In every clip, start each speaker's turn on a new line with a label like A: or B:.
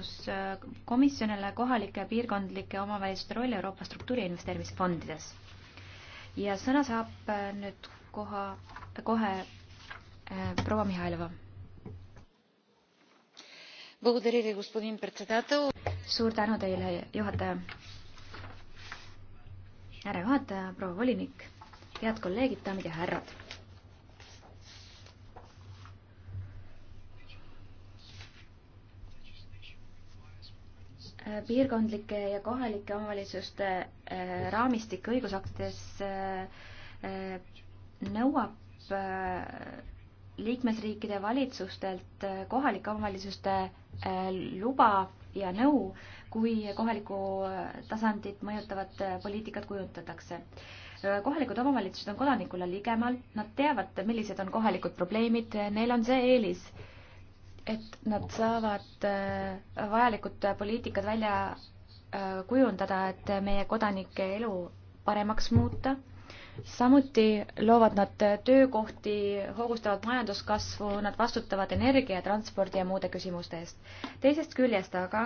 A: küsimus äh, komisjonile kohalike piirkondlike omavalitsuste roll Euroopa struktuuri investeerimisfondides. ja sõna saab äh, nüüd koha, kohe äh, proua Mihhailova. suur tänu teile, juhataja. härra juhataja, proua volinik, head kolleegid, daamid ja härrad Äh, piirkondlike ja kohalike omavalitsuste äh, raamistik õigusaktides äh, nõuab liikmesriikide valitsustelt kohalike omavalitsuste luba ja nõu, kui kohalikku tasandit mõjutavat poliitikat kujundatakse. kohalikud omavalitsused on kodanikule ligemal, nad teavad, millised on kohalikud probleemid, neil on see eelis et nad saavad äh, vajalikud poliitikad välja äh, kujundada, et meie kodanike elu paremaks muuta. samuti loovad nad töökohti, hoogustavad majanduskasvu, nad vastutavad energia, transpordi ja muude küsimuste eest. teisest küljest aga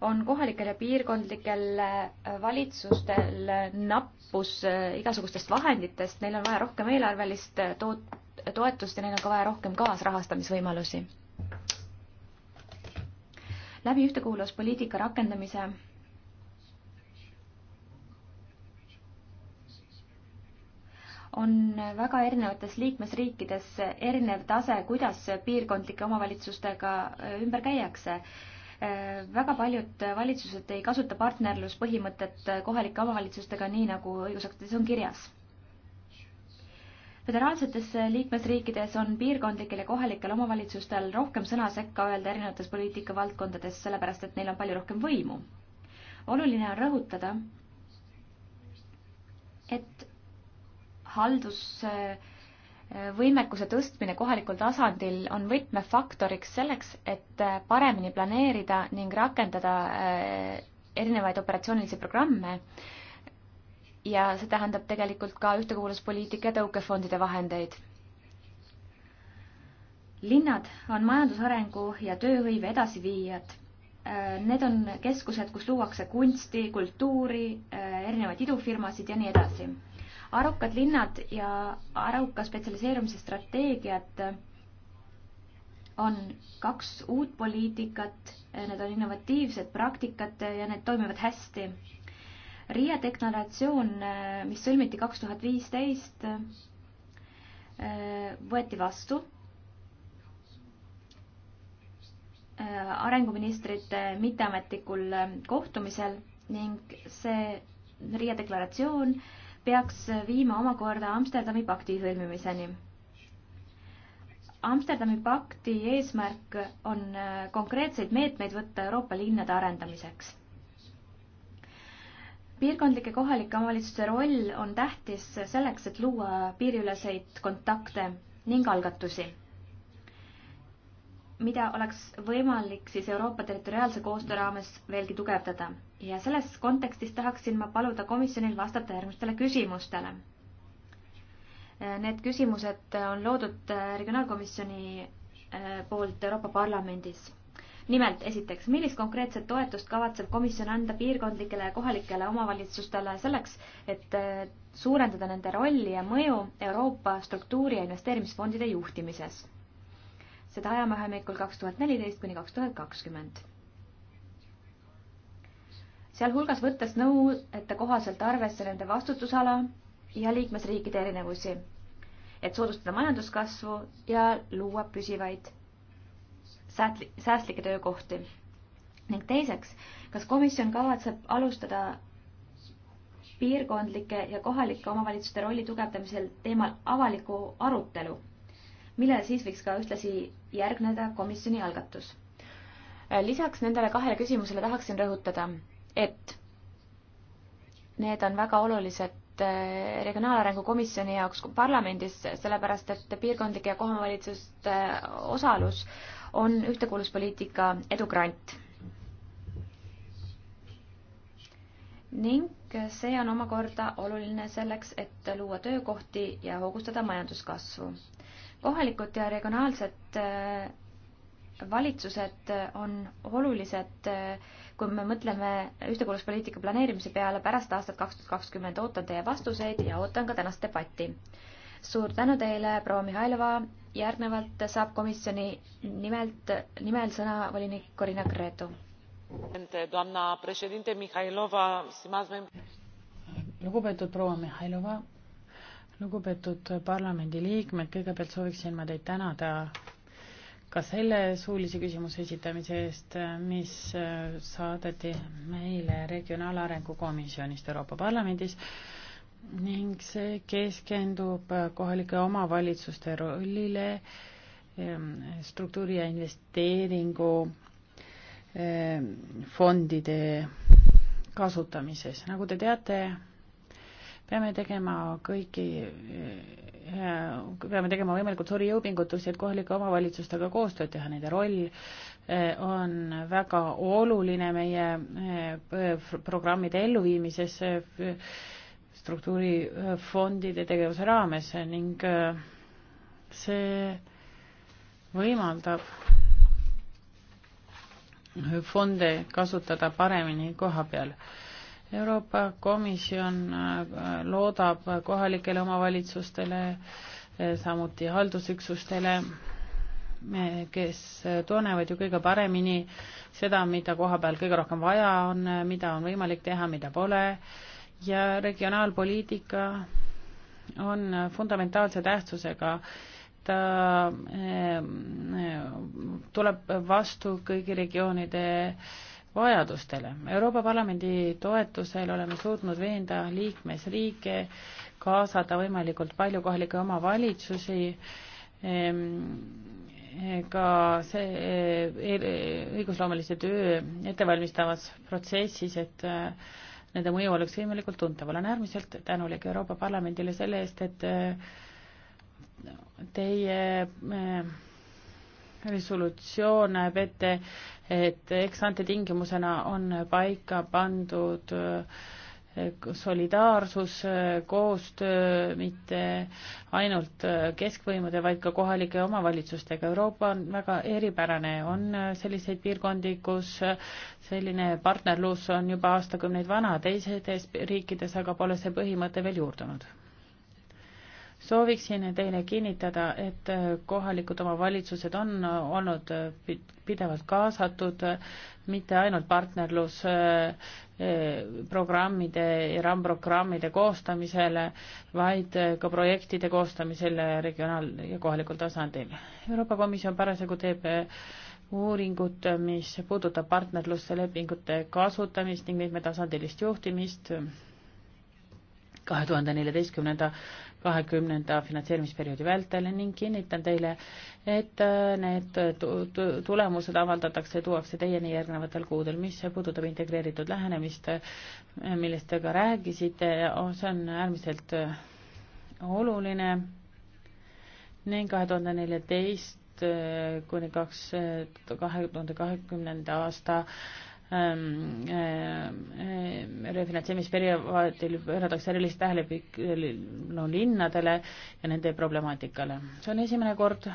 A: on kohalikel ja piirkondlikel äh, valitsustel nappus igasugustest vahenditest, neil on vaja rohkem eelarvelist toot-, toetust ja neil on ka vaja rohkem kaasrahastamisvõimalusi läbi ühtekuuluvuspoliitika rakendamise on väga erinevates liikmesriikides erinev tase, kuidas piirkondlike omavalitsustega äh, ümber käiakse. Äh, väga paljud valitsused ei kasuta partnerluspõhimõtet kohalike omavalitsustega, nii nagu õigusaktides on kirjas föderaalsetes liikmesriikides on piirkondlikel ja kohalikel omavalitsustel rohkem sõna sekka öelda erinevates poliitikavaldkondades, sellepärast et neil on palju rohkem võimu. oluline on rõhutada, et haldusvõimekuse tõstmine kohalikul tasandil on võtmefaktoriks selleks, et paremini planeerida ning rakendada eh, erinevaid operatsioonilisi programme ja see tähendab tegelikult ka ühtekuuluvuspoliitika ja tõukefondide vahendeid. linnad on majandusarengu ja tööhõive edasiviijad. Äh, need on keskused, kus luuakse kunsti, kultuuri, äh, erinevaid idufirmasid ja nii edasi. arukad linnad ja aruka spetsialiseerumise strateegiad äh, on kaks uut poliitikat, need on innovatiivsed praktikad ja need toimivad hästi Riia deklaratsioon, äh, mis sõlmiti kaks tuhat viisteist, äh, võeti vastu äh, arenguministrite mitteametlikul kohtumisel ning see Riia deklaratsioon peaks viima omakorda Amsterdami pakti sõlmimiseni. Amsterdami pakti eesmärk on konkreetseid meetmeid võtta Euroopa linnade arendamiseks piirkondlike kohalike omavalitsuste roll on tähtis selleks, et luua piiriüleseid kontakte ning algatusi, mida oleks võimalik siis Euroopa territoriaalse koostöö raames veelgi tugevdada. ja selles kontekstis tahaksin ma paluda komisjonil vastata järgmistele küsimustele. Need küsimused on loodud Regionaalkomisjoni eh, poolt Euroopa Parlamendis nimelt esiteks, millist konkreetset toetust kavatseb komisjon anda piirkondlikele ja kohalikele omavalitsustele selleks, et äh, suurendada nende rolli ja mõju Euroopa struktuuri- ja investeerimisfondide juhtimises? seda ajavahemikul kaks tuhat neliteist kuni kaks tuhat kakskümmend. sealhulgas võttes nõuete kohaselt arvesse nende vastutusala ja liikmesriikide erinevusi, et soodustada majanduskasvu ja luua püsivaid säätli-, säästlikke töökohti? ning teiseks, kas komisjon kavatseb alustada piirkondlike ja kohalike omavalitsuste rolli tugevdamisel teemal avalikku arutelu, millele siis võiks ka ühtlasi järgneda komisjoni algatus? lisaks nendele kahele küsimusele tahaksin rõhutada, et need on väga olulised eh, Regionaalarengu Komisjoni jaoks parlamendis, sellepärast et piirkondlike ja kohomavalitsuste osalus on ühtekuuluvuspoliitika edugrant. ning see on omakorda oluline selleks, et luua töökohti ja hoogustada majanduskasvu. kohalikud ja regionaalsed äh, valitsused on olulised, äh, kui me mõtleme ühtekuuluvuspoliitika planeerimise peale pärast aastat kaks tuhat kakskümmend. ootan teie vastuseid ja ootan ka tänast debatti suur tänu teile, proua Mihhailova. järgnevalt saab komisjoni nimelt, nimel sõna volinik Corina Cretu.
B: lugupeetud proua Mihhailova, lugupeetud parlamendiliikmed, kõigepealt sooviksin ma teid tänada ka selle suulise küsimuse esitamise eest, mis saadeti meile Regionaalarengu Komisjonist Euroopa Parlamendis ning see keskendub kohalike omavalitsuste rollile ehm, struktuuri ja investeeringu ehm, fondide kasutamises. nagu te teate, peame tegema kõiki, eh, peame tegema võimalikult suuri jõupingutusi, et kohalike omavalitsustega koostööd teha, nende roll eh, on väga oluline meie eh, programmide elluviimises struktuurifondide tegevuse raames ning äh, see võimaldab fonde kasutada paremini koha peal. Euroopa Komisjon äh, loodab kohalikele omavalitsustele, äh, samuti haldusüksustele, kes tunnevad ju kõige paremini seda, mida koha peal kõige rohkem vaja on, mida on võimalik teha, mida pole ja regionaalpoliitika on fundamentaalse tähtsusega. ta ehm, tuleb vastu kõigi regioonide vajadustele. Euroopa Parlamendi toetusel oleme suutnud veenda liikmesriike kaasada võimalikult palju kohalikke omavalitsusi ehm, ka see e-, õigusloomelise töö ettevalmistavas protsessis, et nende mõju oleks võimalikult tuntav. olen äärmiselt tänulik Euroopa Parlamendile selle eest, et äh, teie äh, resolutsioon näeb ette, et eksante tingimusena on paika pandud äh, solidaarsus, koostöö mitte ainult keskvõimude, vaid ka kohalike omavalitsustega. Euroopa on väga eripärane, on selliseid piirkondi, kus selline partnerlus on juba aastakümneid vana, teises riikides aga pole see põhimõte veel juurdunud sooviksin teile kinnitada, et äh, kohalikud omavalitsused on äh, olnud äh, pidevalt kaasatud mitte ainult partnerlusprogrammide ja RAM-programmide koostamisele, vaid ka projektide koostamisele regionaal- ja kohalikul tasandil. Euroopa Komisjon parasjagu teeb uuringut, mis puudutab partnerluste lepingute kasutamist ning mitmetasandilist juhtimist kahe tuhande neljateistkümnenda kahekümnenda finantseerimisperioodi vältel ning kinnitan teile, et äh, need tulemused avaldatakse ja tuuakse teieni järgnevatel kuudel, mis puudutab integreeritud lähenemist, äh, millest te ka rääkisite, oh, see on äärmiselt äh, oluline ning kahe tuhande neljateist kuni kaks, kahe tuhande kahekümnenda aasta ähm, refinantseerimisperioodil pööratakse erilist tähelepanu no, linnadele ja nende problemaatikale. see on esimene kord,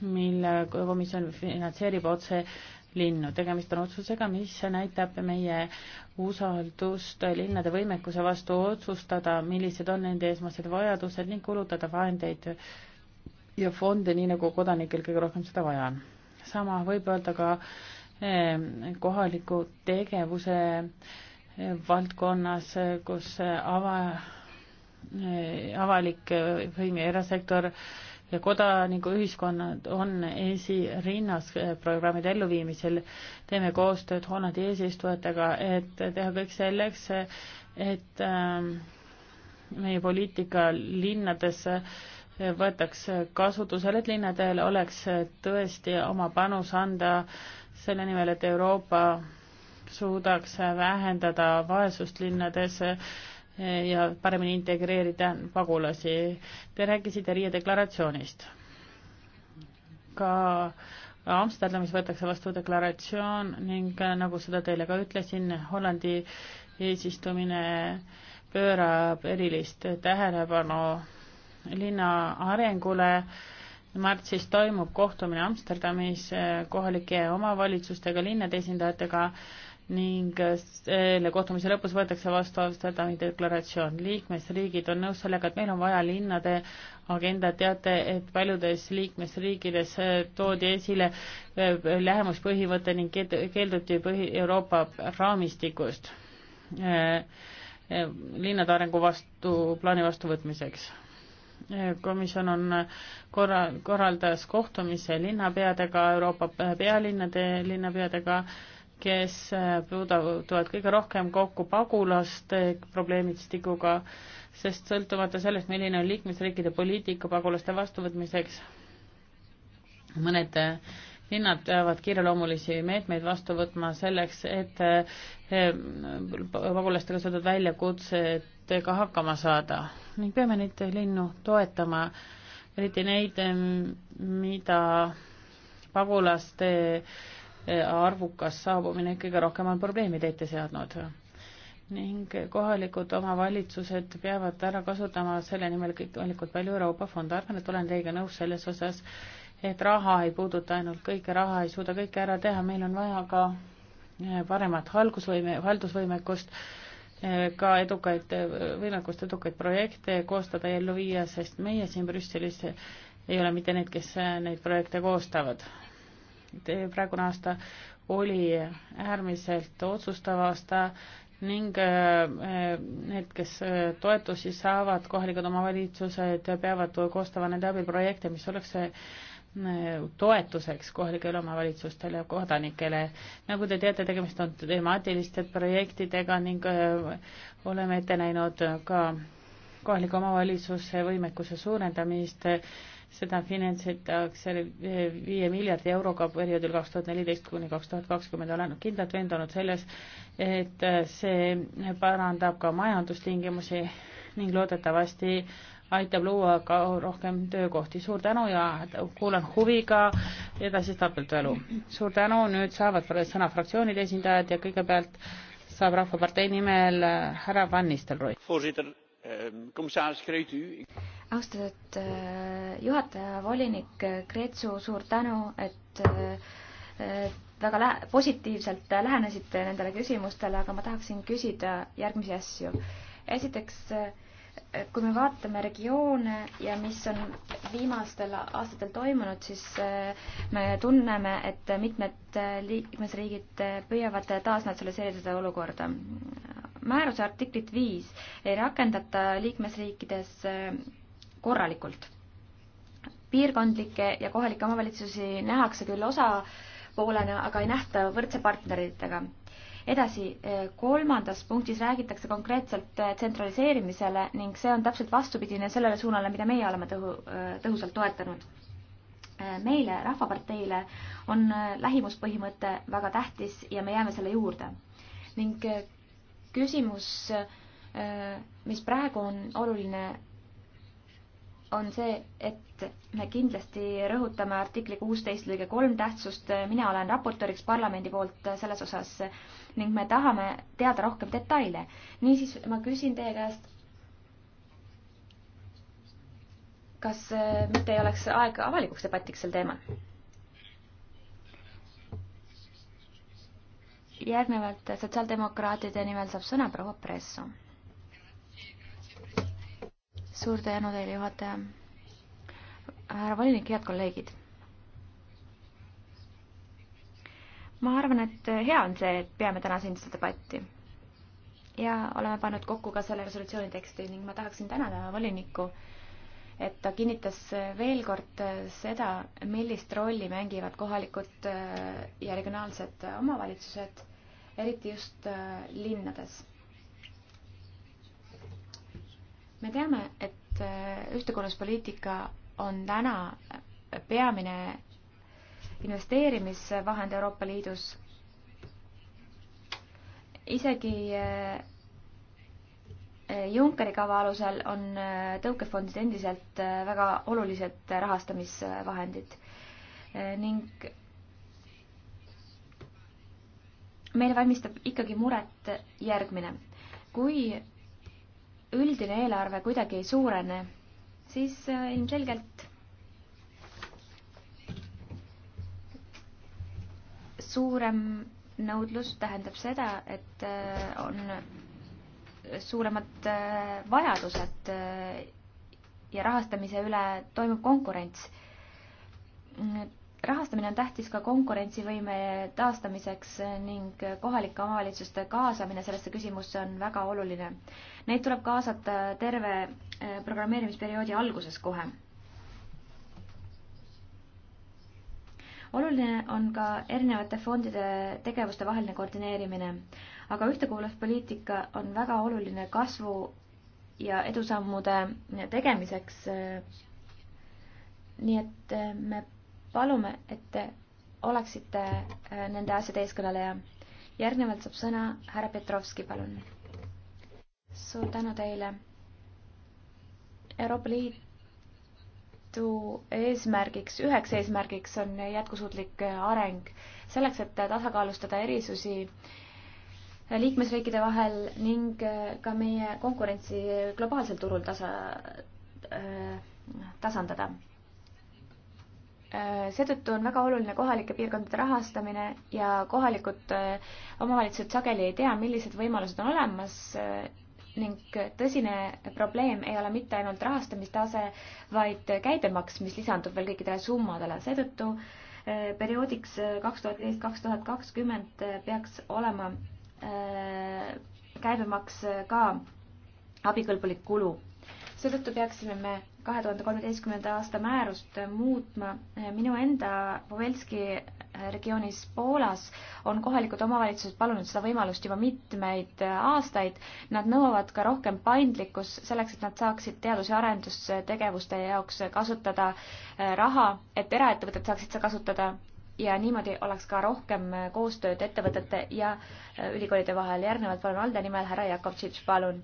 B: mil komisjon finantseerib otse linnu. tegemist on otsusega, mis näitab meie usaldust linnade võimekuse vastu otsustada, millised on nende esmased vajadused ning kulutada vahendeid ja fonde nii, nagu kodanikel kõige rohkem seda vaja on. sama võib öelda ka eh, kohaliku tegevuse äh, valdkonnas, kus ava, avalik võim ja erasektor ja kodanikuühiskonnad on esirinnas programmide elluviimisel. teeme koostööd Hollandi eesistujatega, et teha kõik selleks, et ähm, meie poliitika linnades võetaks kasutusele, et linnadel oleks tõesti oma panus anda selle nimel, et Euroopa suudaks vähendada vaesust linnades ja paremini integreerida pagulasi. Te rääkisite Riia deklaratsioonist. ka Amsterdamis võetakse vastu deklaratsioon ning nagu seda teile ka ütlesin, Hollandi eesistumine pöörab erilist tähelepanu linna arengule. märtsis toimub kohtumine Amsterdamis kohalike omavalitsustega, linnade esindajatega ning selle kohtumise lõpus võetakse vastu Amsterdami deklaratsioon. liikmesriigid on nõus sellega, et meil on vaja linnade agenda, teate, et paljudes liikmesriikides eh, toodi esile eh, lähemuspõhimõte ning keelduti põhi Euroopa raamistikust eh, linnade arengu vastu, plaani vastuvõtmiseks. komisjon on korra-, korraldas kohtumise linnapeadega, Euroopa pealinnade linnapeadega, kes äh, puuduvad kõige rohkem kokku pagulaste probleemistikuga, sest sõltumata sellest, milline on liikmesriikide poliitika pagulaste vastuvõtmiseks, mõned äh, linnad peavad kiireloomulisi meetmeid vastu võtma selleks, et äh, pagulastega seotud väljakutsetega hakkama saada ning peame neid linnu toetama, eriti neid, mida pagulaste arvukas saabumine kõige rohkem on probleemid ette seadnud ning kohalikud omavalitsused peavad ära kasutama selle nimel kõikvõimalikult palju Euroopa fonde. arvan, et olen teiega nõus selles osas, et raha ei puuduta ainult kõike, raha ei suuda kõike ära teha, meil on vaja ka eh, paremat haldusvõime, haldusvõimekust, eh, ka edukaid, eh, võimekust edukaid projekte koostada ja ellu viia, sest meie siin Brüsselis ei ole mitte need, kes neid projekte koostavad praegune aasta oli äärmiselt otsustav aasta ning äh, äh, need, kes äh, toetusi saavad, kohalikud omavalitsused peavad koostama nende abil projekte, mis oleks toetuseks kohalikele omavalitsustele ja kodanikele. nagu te teate, tegemist on temaatiliste projektidega ning oleme ette näinud ka kohaliku omavalitsuse võimekuse suurendamist seda finantseeritakse viie miljardi euroga perioodil kaks tuhat neliteist kuni kaks tuhat kakskümmend, olen kindlalt veendunud selles, et see parandab ka majandustingimusi ning loodetavasti aitab luua ka rohkem töökohti. suur tänu ja kuulan huviga edasist arutelu. suur tänu, nüüd saavad sõna fraktsioonide esindajad ja kõigepealt saab Rahvapartei nimel härra Van Nistelrooy
C: Ehm, commissaris Gretu.
B: austatud eh, juhataja, volinik Gretsu,
A: suur tänu, et eh, eh, väga lä-, positiivselt lähenesite nendele küsimustele, aga ma tahaksin küsida järgmisi asju. esiteks, kui me vaatame regioone ja mis on viimastel aastatel toimunud, siis me tunneme, et mitmed liikmesriigid püüavad taasnatsionaliseerida seda olukorda määruse artiklit viis ei rakendata liikmesriikides äh, korralikult. piirkondlikke ja kohalikke omavalitsusi nähakse küll osapoolena, aga ei nähta võrdse partneritega. edasi, äh, kolmandas punktis räägitakse konkreetselt äh, tsentraliseerimisele ning see on täpselt vastupidine sellele suunale, mida meie oleme tõhu, tõhusalt toetanud meile, Rahvaparteile, on lähimuspõhimõte väga tähtis ja me jääme selle juurde. ning küsimus, mis praegu on oluline, on see, et me kindlasti rõhutame artikli kuusteist lõige kolm tähtsust, mina olen raportööriks parlamendi poolt selles osas ning me tahame teada rohkem detaile. niisiis ma küsin teie käest, kas mitte ei oleks aeg avalikuks debatiks sel teemal? järgnevalt sotsiaaldemokraatide nimel saab sõna proua Presso. suur tänu teile, juhataja. härra volinik, head kolleegid. ma arvan, et hea on see, et peame täna siin seda debatti ja oleme pannud kokku ka selle resolutsiooni teksti ning ma tahaksin tänada volinikku äh, et ta kinnitas veel kord seda, millist rolli mängivad kohalikud äh, ja regionaalsed omavalitsused, eriti just äh, linnades. me teame, et äh, ühtekuuluvuspoliitika on täna peamine investeerimisvahend Euroopa Liidus. isegi Junckeri kava alusel on äh, tõukefondid endiselt äh, väga olulised rahastamisvahendid äh, ning meile valmistab ikkagi muret järgmine. kui üldine eelarve kuidagi ei suurene, siis ilmselgelt suurem nõudlus tähendab seda, et on suuremad äh, vajadused äh, ja rahastamise üle toimub konkurents. rahastamine on tähtis ka konkurentsivõime taastamiseks ning kohalike omavalitsuste kaasamine sellesse küsimusse on väga oluline. Neid tuleb kaasata terve äh, programmeerimisperioodi alguses kohe oluline on ka erinevate fondide tegevuste vaheline koordineerimine. aga ühtekuuluvuspoliitika on väga oluline kasvu ja edusammude tegemiseks. nii et eh, me palume, et te oleksite eh, nende asjade eeskõneleja. järgnevalt saab sõna härra Petrovski, palun. suur tänu teile. Euroopa Liit Liidu eesmärgiks, üheks eesmärgiks on jätkusuutlik areng. selleks, et tasakaalustada erisusi liikmesriikide vahel ning ka meie konkurentsi globaalsel turul tasa, äh, tasandada. Äh, seetõttu on väga oluline kohalike piirkondade rahastamine ja kohalikud äh, omavalitsused sageli ei tea, millised võimalused on olemas ning tõsine probleem ei ole mitte ainult rahastamistase, vaid käibemaks, mis lisandub veel kõikidele summadele, seetõttu eh, perioodiks eh, kaks tuhat viis, kaks tuhat kakskümmend eh, peaks olema käibemaks ka abikõlbulik kulu. seetõttu peaksime me kahe tuhande kolmeteistkümnenda aasta määrust muutma. minu enda Povelski regioonis Poolas on kohalikud omavalitsused palunud seda võimalust juba mitmeid aastaid. Nad nõuavad ka rohkem paindlikkust selleks, et nad saaksid teadus- ja arendustegevuste jaoks kasutada eh, raha, et eraettevõtted saaksid seda kasutada ja niimoodi oleks ka rohkem eh, koostööd ettevõtete ja eh, ülikoolide vahel. järgnevalt palun Alde nimel härra Jakovtšitš, palun.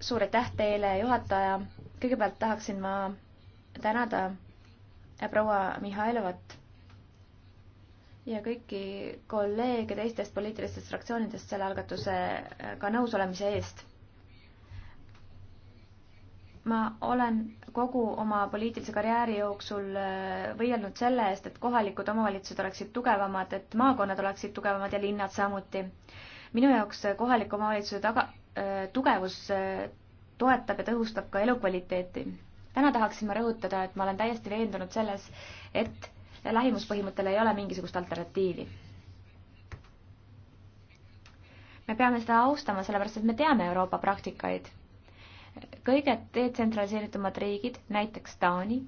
A: suur aitäh teile, juhataja. kõigepealt tahaksin ma tänada proua Mihhailovat ja kõiki kolleege teistest poliitilistest fraktsioonidest selle algatusega äh, nõus olemise eest. ma olen kogu oma poliitilise karjääri jooksul äh, võidelnud selle eest, et kohalikud omavalitsused oleksid tugevamad, et maakonnad oleksid tugevamad ja linnad samuti. minu jaoks äh, kohaliku omavalitsuse taga, tugevus toetab ja tõhustab ka elukvaliteeti. täna tahaksin ma rõhutada, et ma olen täiesti veendunud selles, et lähimuspõhimõttele ei ole mingisugust alternatiivi. me peame seda austama, sellepärast et me teame Euroopa praktikaid. kõige detsentraliseeritumad riigid, näiteks Taani,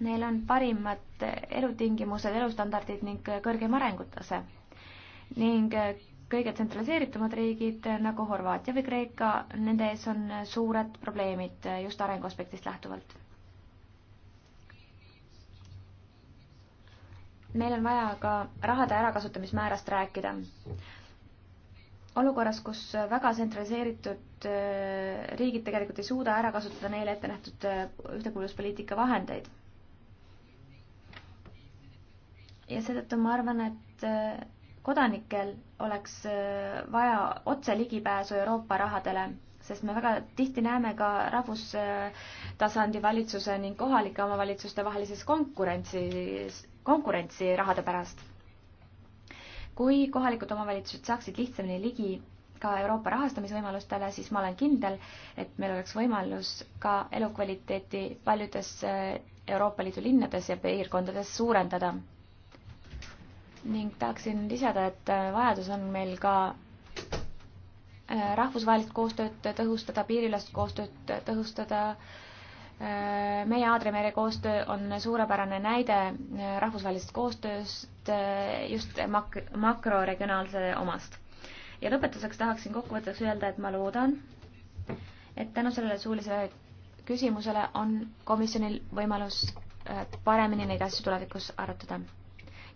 A: neil on parimad elutingimused, elustandardid ning kõrgem arengutase. ning kõige tsentraliseeritumad riigid nagu Horvaatia või Kreeka, nende ees on suured probleemid just arengu aspektist lähtuvalt meil on vaja ka rahade ärakasutamismäärast rääkida. olukorras, kus väga tsentraliseeritud äh, riigid tegelikult ei suuda ära kasutada neile ette nähtud äh, ühtekuuluvuspoliitika vahendeid. ja seetõttu ma arvan, et äh, kodanikel oleks vaja otse ligipääsu Euroopa rahadele, sest me väga tihti näeme ka rahvustasandi valitsuse ning kohalike omavalitsuste vahelises konkurentsis konkurentsi rahade pärast. kui kohalikud omavalitsused saaksid lihtsamini ligi ka Euroopa rahastamisvõimalustele, siis ma olen kindel, et meil oleks võimalus ka elukvaliteeti paljudes äh, Euroopa Liidu linnades ja piirkondades suurendada. ning tahaksin lisada, et äh, vajadus on meil ka äh, rahvusvahelist koostööd tõhustada, piiriülest koostööd tõhustada äh, meie Aadriamere koostöö on suurepärane näide äh, rahvusvahelisest koostööst äh, just mak-, makroregionaalse omast. ja lõpetuseks tahaksin kokkuvõtteks öelda, et ma loodan, et tänu sellele suulisele küsimusele on komisjonil võimalus äh, paremini neid asju tulevikus arutada.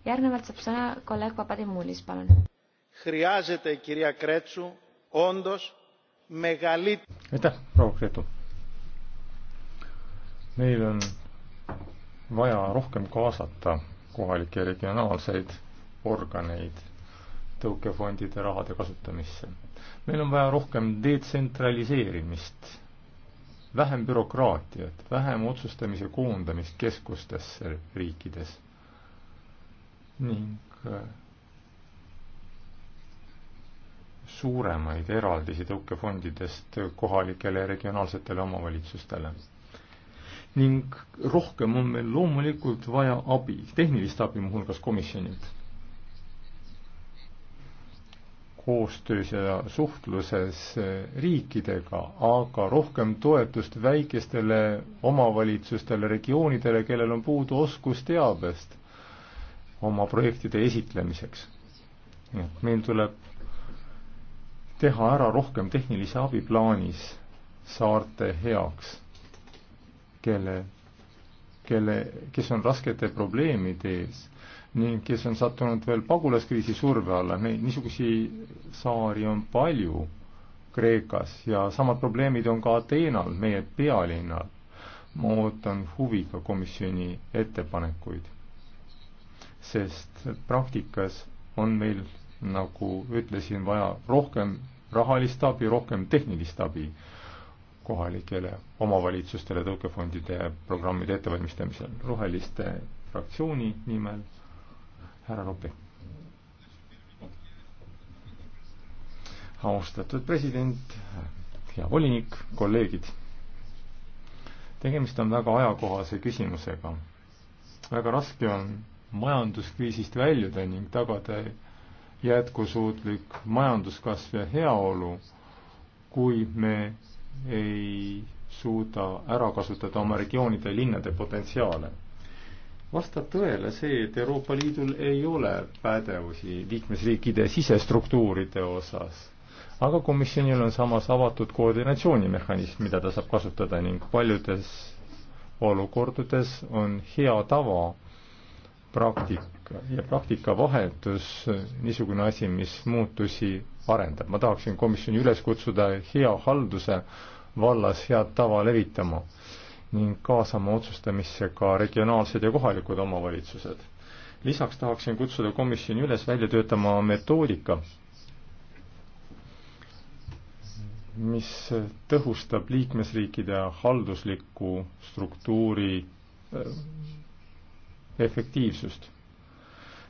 A: järgnevalt saab sõna kolleeg Papadimulis, palun.
C: aitäh, proua Gretu meil on vaja rohkem kaasata kohalikke regionaalseid organeid tõukefondide rahade kasutamisse. meil on vaja rohkem detsentraliseerimist, vähem bürokraatiat, vähem otsustamise koondamist keskustesse riikides ning äh, suuremaid eraldisi tõukefondidest kohalikele ja regionaalsetele omavalitsustele ning rohkem on meil loomulikult vaja abi, tehnilist abi muuhulgas komisjonilt. koostöös ja suhtluses riikidega, aga rohkem toetust väikestele omavalitsustele, regioonidele, kellel on puudu oskusteabest oma projektide esitlemiseks. et meil tuleb teha ära rohkem tehnilise abi plaanis saarte heaks kelle, kelle, kes on raskete probleemide ees ning kes on sattunud veel pagulaskriisi surve alla, neid niisugusi saari on palju Kreekas ja samad probleemid on ka Ateenal, meie pealinnal. ma ootan huviga komisjoni ettepanekuid, sest praktikas on meil, nagu ütlesin, vaja rohkem rahalist abi, rohkem tehnilist abi kohalikele omavalitsustele tõukefondide programmide ettevalmistamisel. roheliste fraktsiooni nimel härra Ropi. austatud president, hea volinik, kolleegid. tegemist on väga ajakohase küsimusega. väga raske on majanduskriisist väljuda ning tagada jätkusuutlik majanduskasv ja heaolu, kui me ei suuda ära kasutada oma regioonide ja linnade potentsiaale. vastab tõele see, et Euroopa Liidul ei ole pädevusi liikmesriikide sisestruktuuride osas, aga komisjonil on samas avatud koordinatsioonimehhanism, mida ta saab kasutada ning paljudes olukordades on hea tava praktika teoreetika ja praktika vahetus niisugune asi, mis muutusi arendab. ma tahaksin komisjoni üles kutsuda hea halduse vallas head tava levitama ning kaasama otsustamisse ka regionaalsed ja kohalikud omavalitsused. lisaks tahaksin kutsuda komisjoni üles välja töötama metoodika, mis tõhustab liikmesriikide haldusliku struktuuri äh, efektiivsust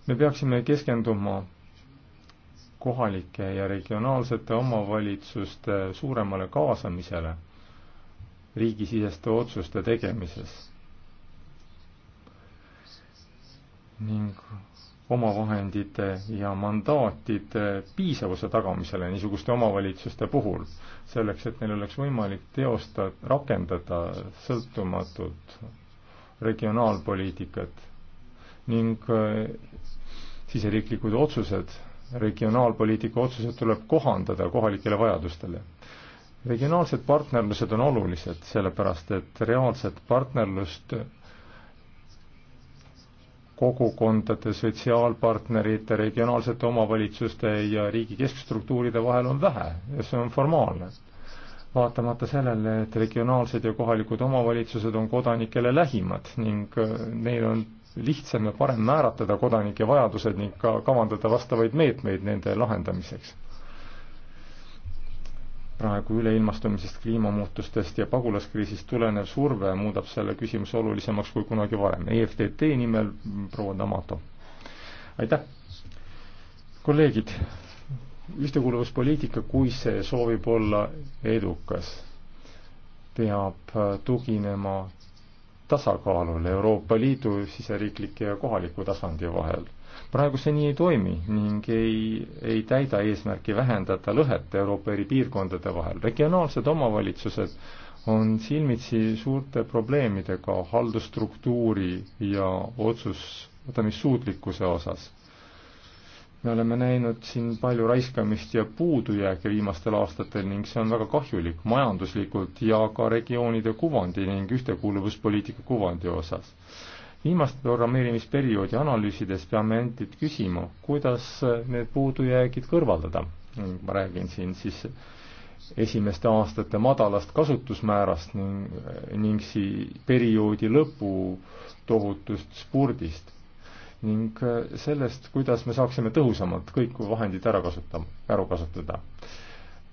C: me peaksime keskenduma kohalike ja regionaalsete omavalitsuste suuremale kaasamisele riigisiseste otsuste tegemises ning omavahendite ja mandaatide piisavuse tagamisele niisuguste omavalitsuste puhul, selleks et neil oleks võimalik teosta-, rakendada sõltumatut regionaalpoliitikat ning siseriiklikud otsused, regionaalpoliitika otsused tuleb kohandada kohalikele vajadustele. regionaalsed partnerlused on olulised, sellepärast et reaalset partnerlust kogukondade, sotsiaalpartnerite, regionaalsete omavalitsuste ja riigi keskstruktuuride vahel on vähe ja see on formaalne. vaatamata sellele, et regionaalsed ja kohalikud omavalitsused on kodanikele lähimad ning neil on lihtsam ja parem määratleda kodanike vajadused ning ka kavandada vastavaid meetmeid nende lahendamiseks. praegu üleilmastumisest, kliimamuutustest ja pagulaskriisist tulenev surve muudab selle küsimuse olulisemaks kui kunagi varem. EFTT nimel proua Damato. aitäh! kolleegid, ühtekuuluvuspoliitika, kui see soovib olla edukas, peab tuginema tasakaalul Euroopa Liidu siseriiklike ja kohaliku tasandi vahel. praegu see nii ei toimi ning ei, ei täida eesmärki vähendada lõhet Euroopa eri piirkondade vahel. regionaalsed omavalitsused on silmitsi suurte probleemidega haldusstruktuuri ja otsustamisssuutlikkuse osas me oleme näinud siin palju raiskamist ja puudujääke viimastel aastatel ning see on väga kahjulik majanduslikult ja ka regioonide kuvandi ning ühtekuuluvuspoliitika kuvandi osas. viimast programmeerimisperioodi analüüsides peame endid küsima, kuidas need puudujäägid kõrvaldada. ma räägin siin siis esimeste aastate madalast kasutusmäärast ning, ning sii- perioodi lõpu tohutust spurdist ning äh, sellest, kuidas me saaksime tõhusamalt kõik vahendid ära kasutama, ära kasutada.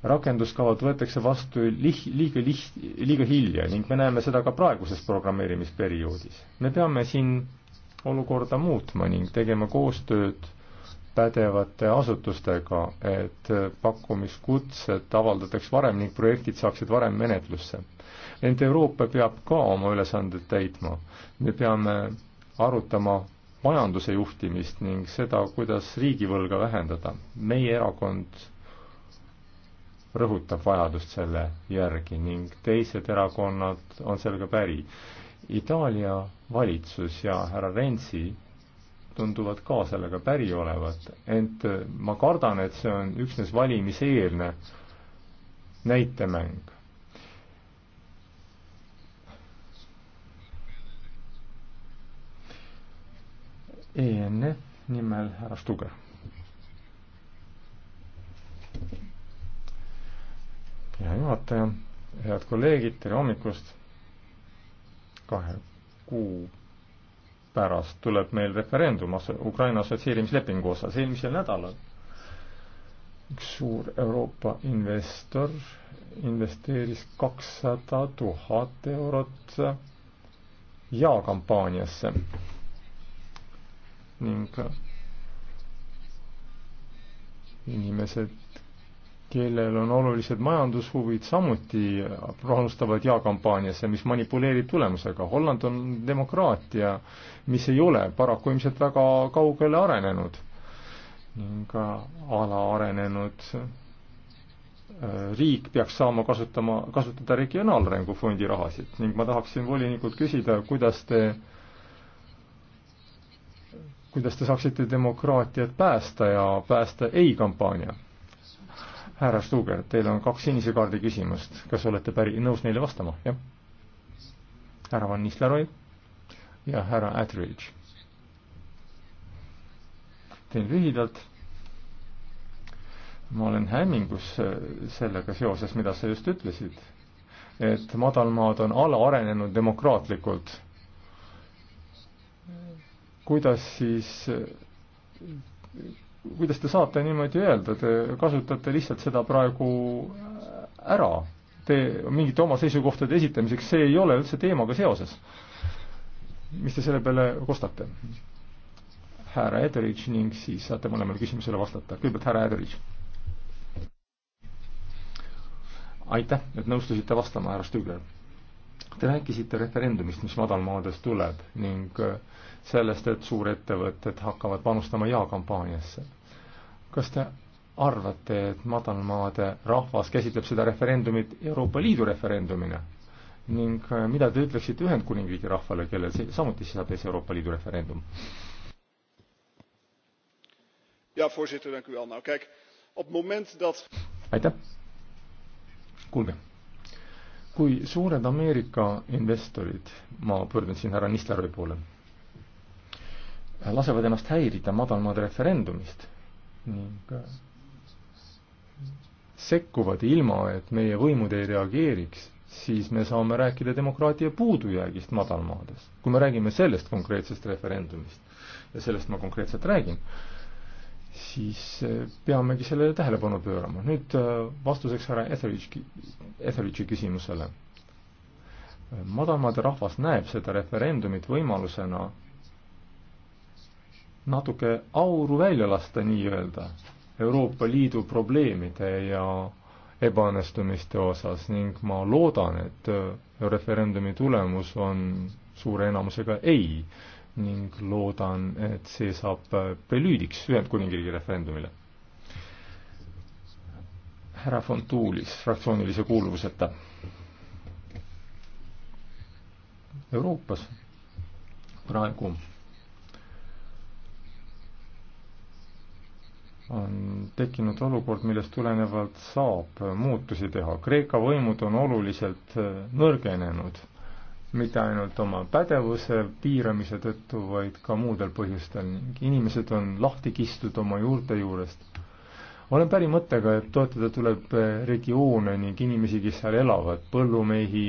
C: rakenduskavad võetakse vastu lih-, liiga liht-, liiga hilja ning me näeme seda ka praeguses programmeerimisperioodis. me peame siin olukorda muutma ning tegema koostööd pädevate asutustega, et pakkumiskutsed avaldataks varem ning projektid saaksid varem menetlusse. ent Euroopa peab ka oma ülesanded täitma. me peame arutama majanduse juhtimist ning seda, kuidas riigivõlga vähendada. meie erakond rõhutab vajadust selle järgi ning teised erakonnad on sellega päri. Itaalia valitsus ja härra Renzi tunduvad ka sellega päri olevat, ent ma kardan, et see on üksnes valimiseelne näitemäng ENF nimel härra Stuger. hea juhataja, head kolleegid, tere hommikust. kahe kuu pärast tuleb meil referendum Ukraina assotsieerimislepingu osas, eelmisel nädalal üks suur Euroopa investor investeeris kakssada tuhat eurot jaakampaaniasse ning inimesed, kellel on olulised majandushuvid, samuti panustavad jaa-kampaaniasse, mis manipuleerib tulemusega. Holland on demokraatia, mis ei ole paraku ilmselt väga kaugele arenenud ning alaarenenud riik peaks saama kasutama, kasutada Regionaalarengu Fondi rahasid ning ma tahaksin volinikult küsida, kuidas te kuidas te saaksite demokraatiat päästa ja päästa ei-kampaania? härra Stuger, teil on kaks sinise kaardi küsimust, kas olete päri, nõus neile vastama, jah? härra Van Nistelrooy ja härra Atridge. teen lühidalt. ma olen hämmingus sellega seoses, mida sa just ütlesid, et madalmaad on alaarenenud demokraatlikult kuidas siis, kuidas te saate niimoodi öelda, te kasutate lihtsalt seda praegu ära, te mingite oma seisukohtade esitamiseks, see ei ole üldse teemaga seoses. mis te selle peale kostate? härra Ederich ning siis saate mõlemale küsimusele vastata. kõigepealt härra Ederich. aitäh, et nõustusite vastama, härra Stügler. Te rääkisite referendumist, mis madalmaades tuleb ning äh, sellest, et suurettevõtted hakkavad panustama jaa-kampaaniasse. kas te arvate, et madalmaade rahvas käsitleb seda referendumit Euroopa Liidu referendumina? ning äh, mida te ütleksite Ühendkuningriigi rahvale, kellel samuti seisab ees Euroopa Liidu referendum? aitäh! kuulge kui suured Ameerika investorid, ma pöördun siin härra Nisleroi poole, lasevad ennast häirida madalmaade referendumist ning äh, sekkuvad ilma, et meie võimud ei reageeriks, siis me saame rääkida demokraatia puudujäägist madalmaades. kui me räägime sellest konkreetsest referendumist ja sellest ma konkreetselt räägin, siis äh, peamegi sellele tähelepanu pöörama. nüüd äh, vastuseks härra Etheridge'i, Etheridge'i küsimusele. madalmaade rahvas näeb seda referendumit võimalusena natuke auru välja lasta nii-öelda Euroopa Liidu probleemide ja ebaõnnestumiste osas ning ma loodan, et äh, referendumi tulemus on suure enamusega ei ning loodan, et see saab äh, prelüüdiks Ühendkuningriigi referendumile. härra Fontuulis, fraktsioonilise kuuluvuseta. Euroopas praegu on tekkinud olukord, millest tulenevalt saab muutusi teha. Kreeka võimud on oluliselt äh, nõrgenenud, mitte ainult oma pädevuse piiramise tõttu, vaid ka muudel põhjustel ning inimesed on lahti kistud oma juurte juurest. olen päri mõttega, et toetada tuleb äh, regioone ning inimesi, kes seal elavad, põllumehi,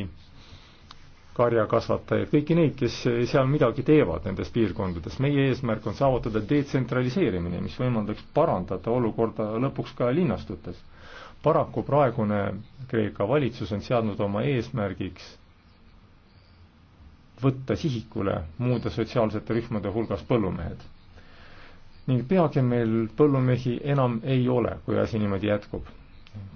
C: karjakasvatajaid, kõiki neid, kes seal midagi teevad nendes piirkondades. meie eesmärk on saavutada detsentraliseerimine, mis võimaldaks parandada olukorda lõpuks ka linnastutes. paraku praegune Kreeka valitsus on seadnud oma eesmärgiks võtta sihikule muude sotsiaalsete rühmade hulgas põllumehed. ning peagi meil põllumehi enam ei ole, kui asi niimoodi jätkub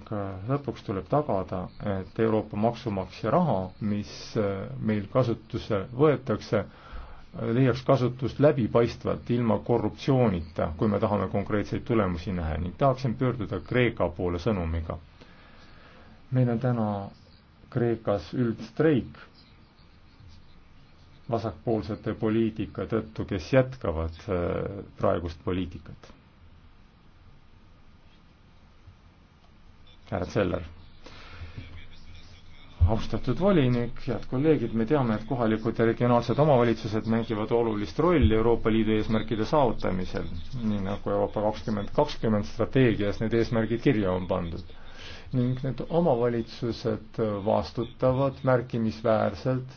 C: aga lõpuks tuleb tagada, et Euroopa maksumaksja raha, mis äh, meil kasutusse võetakse, äh, leiaks kasutust läbipaistvalt, ilma korruptsioonita, kui me tahame konkreetseid tulemusi näha ning tahaksin pöörduda Kreeka poole sõnumiga. meil on täna Kreekas üldstreik vasakpoolsete poliitika tõttu, kes jätkavad äh, praegust poliitikat härra Zeller. austatud volinik, head kolleegid, me teame, et kohalikud ja regionaalsed omavalitsused mängivad olulist rolli Euroopa Liidu eesmärkide saavutamisel, nii nagu Euroopa kakskümmend kakskümmend strateegias need eesmärgid kirja on pandud ning need omavalitsused vastutavad märkimisväärselt,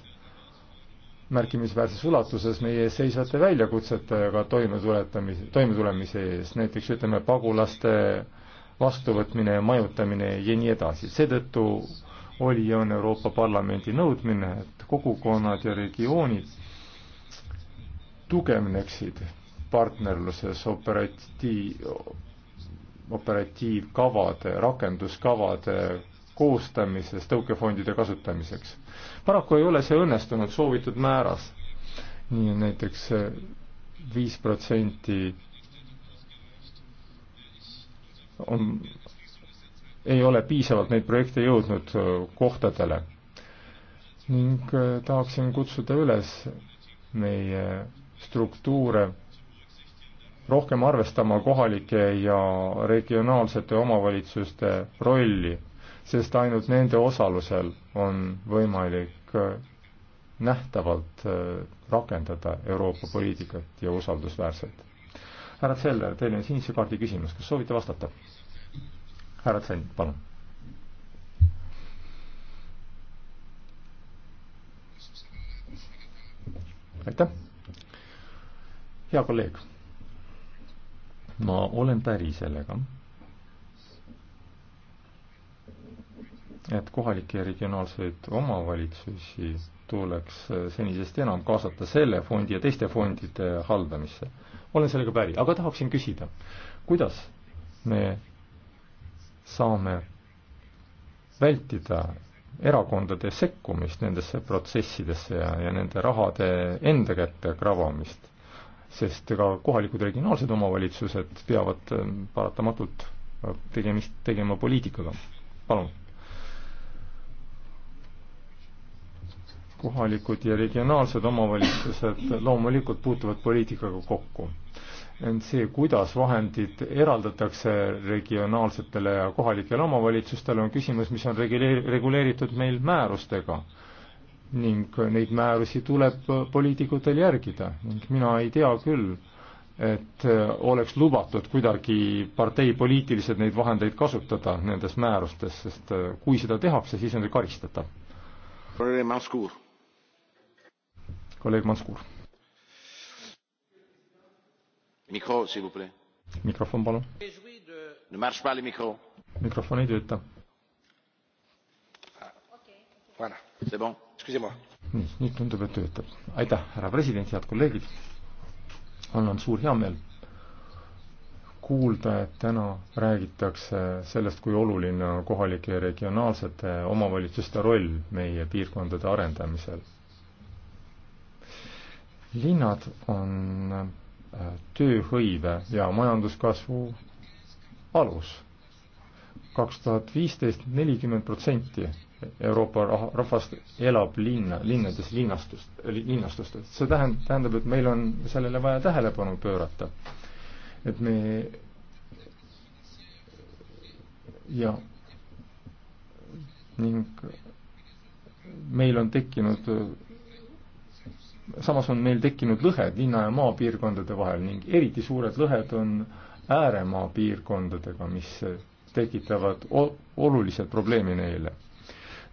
C: märkimisväärses ulatuses meie ees seisvate väljakutsetega toimetulemise, toimetulemise ees, näiteks ütleme, pagulaste vastuvõtmine ja majutamine ja nii edasi. seetõttu oli ja on Euroopa Parlamendi nõudmine, et kogukonnad ja regioonid tugevneksid partnerluses operatiiv, operatiivkavade, rakenduskavade koostamises tõukefondide kasutamiseks. paraku ei ole see õnnestunud soovitud määras nii. nii on näiteks viis protsenti on, ei ole piisavalt neid projekte jõudnud äh, kohtadele. ning äh, tahaksin kutsuda üles meie struktuure rohkem arvestama kohalike ja regionaalsete omavalitsuste rolli, sest ainult nende osalusel on võimalik äh, nähtavalt rakendada Euroopa poliitikat ja usaldusväärselt. härra Zeller, teil on sinise kaardi küsimus, kas soovite vastata? härra Trenn, palun. aitäh. hea kolleeg. ma olen päri sellega, et kohalikke ja regionaalseid omavalitsusi tuleks senisest enam kaasata selle fondi ja teiste fondide haldamisse. olen sellega päri, aga tahaksin küsida, kuidas me saame vältida erakondade sekkumist nendesse protsessidesse ja, ja nende rahade enda kätte kravamist. sest ega kohalikud regionaalsed omavalitsused peavad ähm, paratamatult äh, tegemist, tegema poliitikaga. palun. kohalikud ja regionaalsed omavalitsused loomulikult puutuvad poliitikaga kokku on see, kuidas vahendid eraldatakse regionaalsetele ja kohalikele omavalitsustele, on küsimus, mis on reguleer-, reguleeritud meil määrustega. ning neid määrusi tuleb poliitikutel järgida ning mina ei tea küll, et oleks lubatud kuidagi parteipoliitiliselt neid vahendeid kasutada nendes määrustes, sest kui seda tehakse, siis on see karistatav.
B: kolleeg Manskuur.
C: kolleeg Manskuur Mikro, mikrofon, palun. mikrofon ei tööta.
B: Ah. nii,
C: nüüd tundub, et töötab. aitäh, härra president, head kolleegid. mul on suur heameel kuulda, et täna räägitakse sellest, kui oluline on kohalike ja regionaalsete omavalitsuste roll meie piirkondade arendamisel. linnad on tööhõive ja majanduskasvu alus. kaks tuhat viisteist nelikümmend protsenti Euroopa rahvast elab linna, linnades linnastust, linnastustest. see tähendab, tähendab, et meil on sellele vaja tähelepanu pöörata. et me ja ning meil on tekkinud samas on meil tekkinud lõhed linna- ja maapiirkondade vahel ning eriti suured lõhed on ääremaa piirkondadega, mis tekitavad olulised probleemi neile.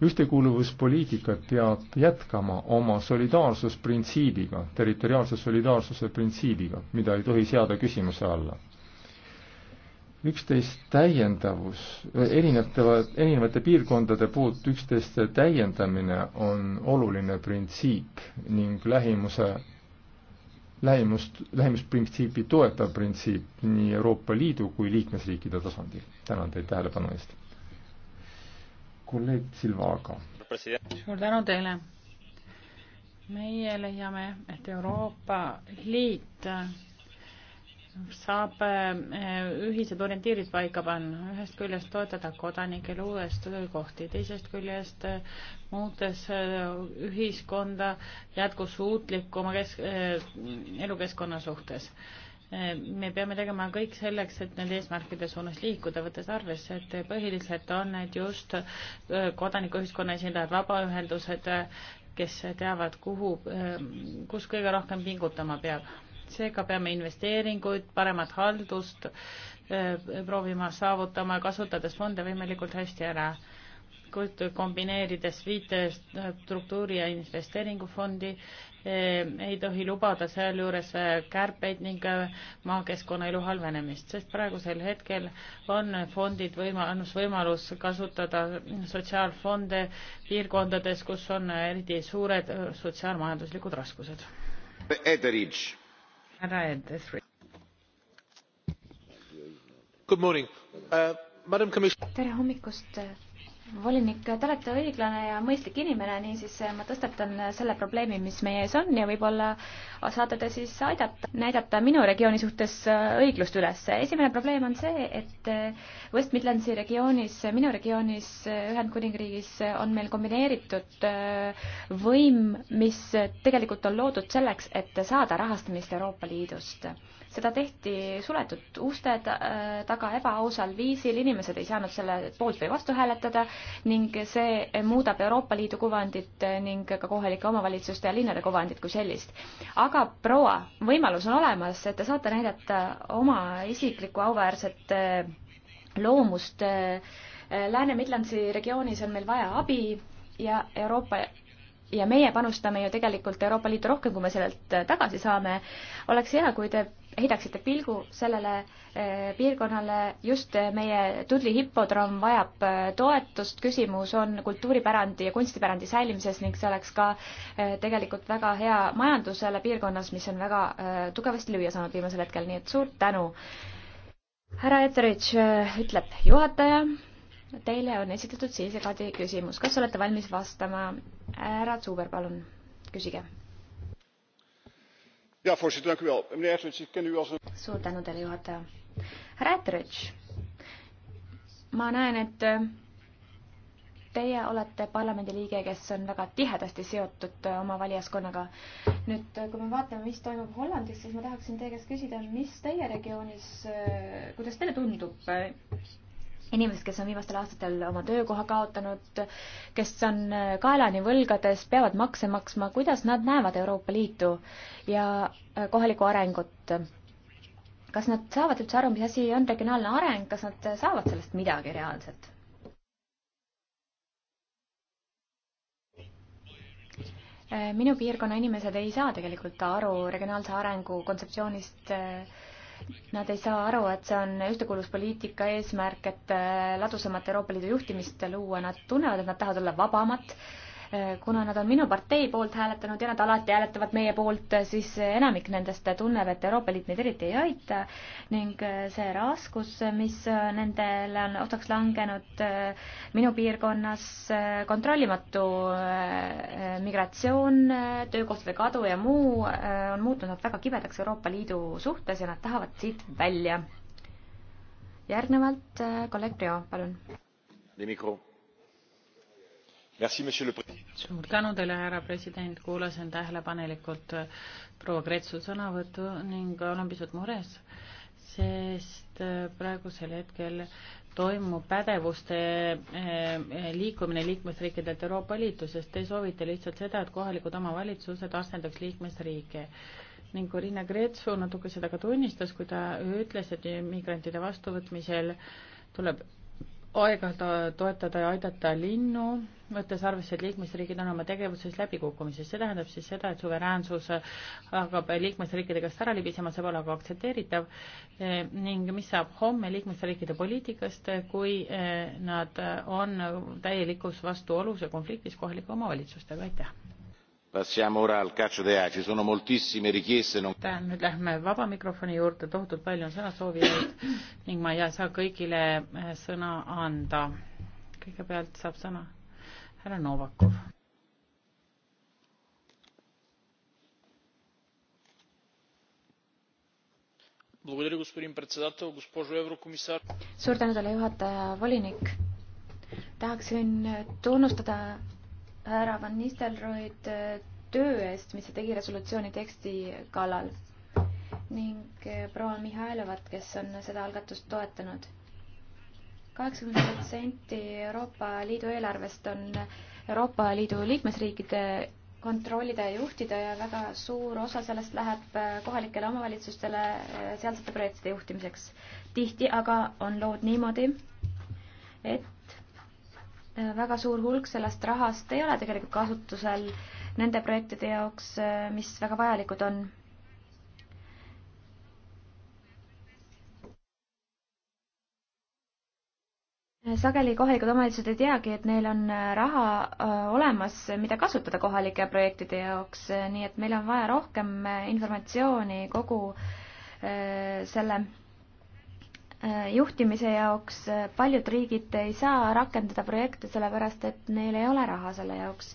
C: ühtekuuluvuspoliitika peab jätkama oma solidaarsusprintsiibiga, territoriaalse solidaarsuse printsiibiga, mida ei tohi seada küsimuse alla üksteist täiendavus, erinevad, erinevate piirkondade poolt üksteist täiendamine on oluline printsiip ning lähimuse, lähimust, lähimusprintsiipi toetav printsiip nii Euroopa Liidu kui liikmesriikide tasandil. tänan teid tähelepanu eest. kolleeg Silvaga.
B: suur tänu teile. meie leiame, et Euroopa Liit saab eh, ühised orienteerid paika panna, ühest küljest toetada kodanikele uues töökohti, teisest küljest eh, muutes eh, ühiskonda jätkusuutlikuma kesk-, elukeskkonna suhtes. me peame tegema kõik selleks, et nende eesmärkide suunas liikuda, võttes arvesse, et põhiliselt on need just kodanikuühiskonna esindajad, vabaühendused, kes teavad, kuhu, kus kõige rohkem pingutama peab seega peame investeeringuid, paremat haldust äh, proovima saavutama, kasutades fonde võimalikult hästi ära. kuid kombineerides viite struktuuri ja investeeringufondi, äh, ei tohi lubada sealjuures äh, kärpeid ning maakeskkonnaelu halvenemist, sest praegusel hetkel on fondid võimalus, võimalus kasutada sotsiaalfonde piirkondades, kus on eriti suured sotsiaalmajanduslikud raskused.
C: Eterich
B: tere hommikust
A: volinik, te olete õiglane ja mõistlik inimene, niisiis ma tõstatan selle probleemi, mis meie ees on ja võib-olla saate te siis aidata, näidata minu regiooni suhtes õiglust üles. esimene probleem on see, et West Midlandsi regioonis, minu regioonis Ühendkuningriigis on meil kombineeritud võim, mis tegelikult on loodud selleks, et saada rahastamist Euroopa Liidust seda tehti suletud uste äh, taga ebaausal viisil, inimesed ei saanud selle poolt või vastu hääletada ning see muudab Euroopa Liidu kuvandit äh, ning ka kohalike omavalitsuste ja linnade kuvandit kui sellist. aga proua, võimalus on olemas, et te saate näidata oma isiklikku auväärset äh, loomust. Lääne-Midlandsi regioonis on meil vaja abi ja Euroopa ja meie panustame ju tegelikult Euroopa Liitu rohkem, kui me sellelt tagasi saame. oleks hea, kui te heidaksite pilgu sellele eh, piirkonnale, just eh, meie Tudli hipodroom vajab eh, toetust, küsimus on kultuuripärandi ja kunstipärandi säilimises ning see oleks ka tegelikult väga hea majandusele piirkonnas, mis on väga tugevasti lüüa saanud viimasel hetkel, nii et suur tänu. härra Eterich ütleb juhataja, teile on esitatud siis ja Kadri küsimus, kas olete valmis vastama? härra Zuber, palun, küsige
C: voorzitter dank u wel. meneer Etheridge, ik ken u als een...
A: suur tänu teile, juhataja. härra Etheridge, ma näen, et äh, teie olete parlamendiliige, kes on väga tihedasti seotud äh, oma valijaskonnaga. nüüd, äh, kui me vaatame, mis toimub Hollandis, siis ma tahaksin teie käest küsida, mis teie regioonis, kuidas teile tundub, inimesed, kes on viimastel aastatel oma töökoha kaotanud, kes on äh, kaelani võlgades, peavad makse maksma, kuidas nad näevad Euroopa Liitu ja äh, kohalikku arengut? kas nad saavad üldse aru, mis asi on regionaalne areng, kas nad äh, saavad sellest midagi reaalselt? minu piirkonna inimesed ei saa tegelikult aru regionaalse arengu kontseptsioonist äh, Nad ei saa aru, et see on ühtekuuluvuspoliitika eesmärk, et äh, ladusamat Euroopa Liidu juhtimist luua, nad tunnevad, et nad tahavad olla vabamad Äh, kuna nad on minu partei poolt hääletanud ja nad alati hääletavad meie poolt, äh, siis äh, enamik nendest tunneb, et Euroopa Liit neid eriti ei aita ning see raskus, mis nendele on osaks langenud minu piirkonnas, kontrollimatu migratsioon, töökohtade kadu ja muu, on muutnud nad väga kibedaks Euroopa Liidu suhtes ja nad tahavad siit välja. järgnevalt kolleeg Prio, palun
C: suur
B: tänu teile, härra president, kuulasin tähelepanelikult äh, proua Kretsu sõnavõttu ning olen pisut mures, sest äh, praegusel hetkel toimub pädevuste äh, liikumine liikmesriikidelt Euroopa Liitu, sest te soovite lihtsalt seda, et kohalikud omavalitsused asendaks liikmesriike ning Corina Kretsu natuke seda ka tunnistas, kui ta ütles, et migrantide vastuvõtmisel tuleb aega toetada ja aidata linnu, võttes arvesse, et liikmesriigid on oma tegevuses läbikukkumises, see tähendab siis seda, et suveräänsus hakkab liikmesriikide käest ära libisema, see pole aga aktsepteeritav eh, ning mis saab homme liikmesriikide poliitikast, kui eh, nad on täielikus vastuolus ja konfliktis kohalike omavalitsustega, aitäh!
C: ci sono moltissime richieste non.
B: nüüd lähme vaba mikrofoni juurde tohutult palju on sõnasoovijaid ning ma ei saa kõigile eh, sõna anda kõigepealt saab sõna härra novakov
A: suur tänu teile juhataja volinik tahaksin tunnustada härra Van Nistelrooid äh, töö eest, mis ta tegi resolutsiooni teksti kallal ning äh, proua Mihhailovat, kes on seda algatust toetanud. kaheksakümmend protsenti Euroopa Liidu eelarvest on Euroopa Liidu liikmesriikide kontrollida ja juhtida ja väga suur osa sellest läheb äh, kohalikele omavalitsustele sealsete projektide juhtimiseks. tihti aga on lood niimoodi, et väga suur hulk sellest rahast ei ole tegelikult kasutusel nende projektide jaoks, mis väga vajalikud on. sageli kohalikud omavalitsused ei teagi, et neil on raha äh, olemas, mida kasutada kohalike projektide jaoks, nii et meil on vaja rohkem informatsiooni kogu äh, selle Äh, juhtimise jaoks, äh, paljud riigid ei saa rakendada projekte, sellepärast et neil ei ole raha selle jaoks.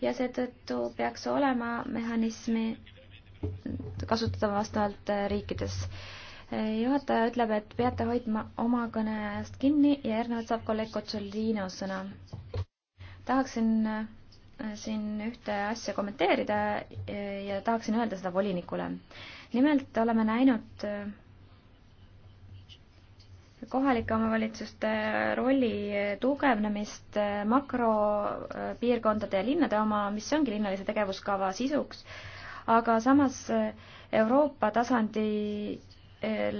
A: ja seetõttu peaks olema mehhanismi kasutada vastavalt äh, riikides. juhataja ütleb, et peate hoidma oma kõneajast kinni ja järgnevalt saab kolleeg Kotšolino sõna. tahaksin siin ühte asja kommenteerida ja tahaksin öelda seda volinikule. nimelt oleme näinud kohalike omavalitsuste rolli tugevnemist makropiirkondade ja linnade oma, mis ongi linnalise tegevuskava sisuks, aga samas Euroopa tasandi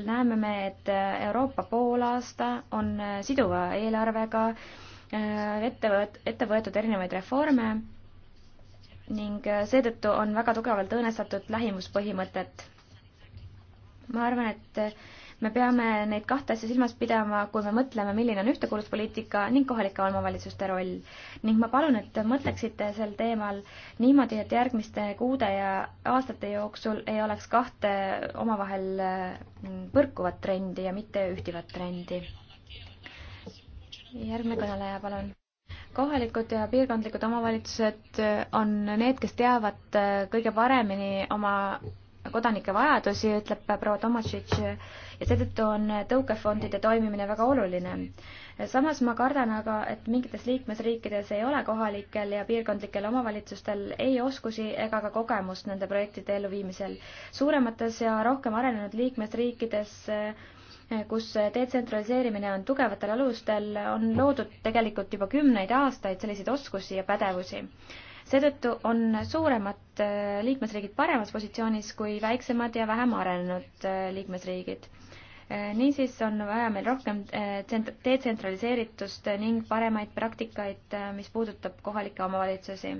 A: näeme me, et Euroopa poolaasta on siduva eelarvega, ette võet-, ette võetud erinevaid reforme ning seetõttu on väga tugevalt õõnestatud lähimuspõhimõtet. ma arvan, et me peame neid kahte asja silmas pidama, kui me mõtleme, milline on ühtekuuluvuspoliitika ning kohalike omavalitsuste roll. ning ma palun, et mõtleksite sel teemal niimoodi, et järgmiste kuude ja aastate jooksul ei oleks kahte omavahel mm, põrkuvat trendi ja mitte ühtivat trendi. järgmine kõneleja, palun kohalikud ja piirkondlikud omavalitsused on need, kes teavad äh, kõige paremini oma kodanike vajadusi, ütleb proua Tomašitš, ja seetõttu on tõukefondide toimimine väga oluline. samas ma kardan aga, et mingites liikmesriikides ei ole kohalikel ja piirkondlikel omavalitsustel ei oskusi ega ka kogemust nende projektide elluviimisel. suuremates ja rohkem arenenud liikmesriikides kus detsentraliseerimine on tugevatel alustel, on loodud tegelikult juba kümneid aastaid selliseid oskusi ja pädevusi seetõttu on suuremad äh, liikmesriigid paremas positsioonis kui väiksemad ja vähem arenenud äh, liikmesriigid. Äh, niisiis on vaja meil rohkem detsentraliseeritust ning paremaid praktikaid, mis puudutab kohalikke omavalitsusi